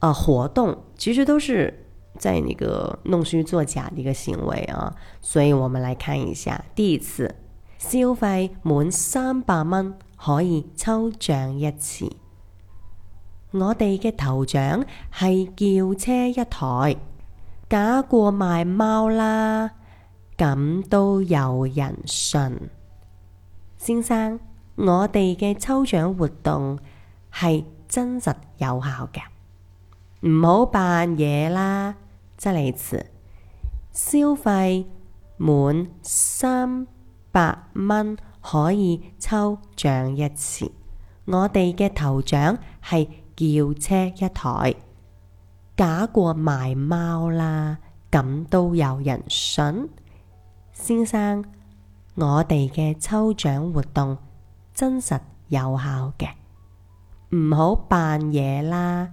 啊！活動其實都是在呢個弄虛作假的一個行為啊，所以我們來看一下。第一次消費滿三百蚊可以抽獎一次，我哋嘅頭獎係轎車一台，假過賣貓啦，咁都有人信？先生，我哋嘅抽獎活動係真實有效嘅。唔好扮嘢啦！即嚟詞消費滿三百蚊可以抽獎一次。我哋嘅頭獎係轎車一台，假過賣貓啦，咁都有人信？先生，我哋嘅抽獎活動真實有效嘅，唔好扮嘢啦！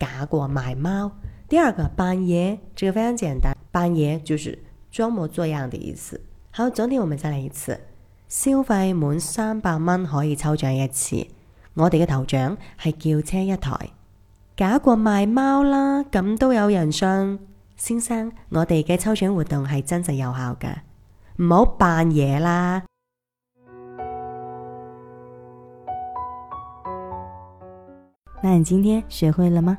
假過賣貓，第二個扮嘢，這個非常簡單，扮嘢就是裝模作樣的意思。好，總體我們再來一次，消費滿三百蚊可以抽獎一次，我哋嘅頭獎係轎車一台，假過賣貓啦，咁都有人信？先生，我哋嘅抽獎活動係真實有效噶，唔好扮嘢啦。那你今天學會了嗎？